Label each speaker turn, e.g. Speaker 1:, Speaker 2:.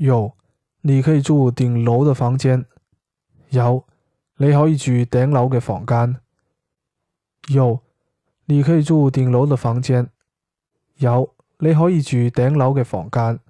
Speaker 1: 有，Yo，你可以住頂樓的房間。有，你可以住頂樓嘅房間。有，你可以住頂樓的房間。有，你可以住頂樓嘅房間。Yo,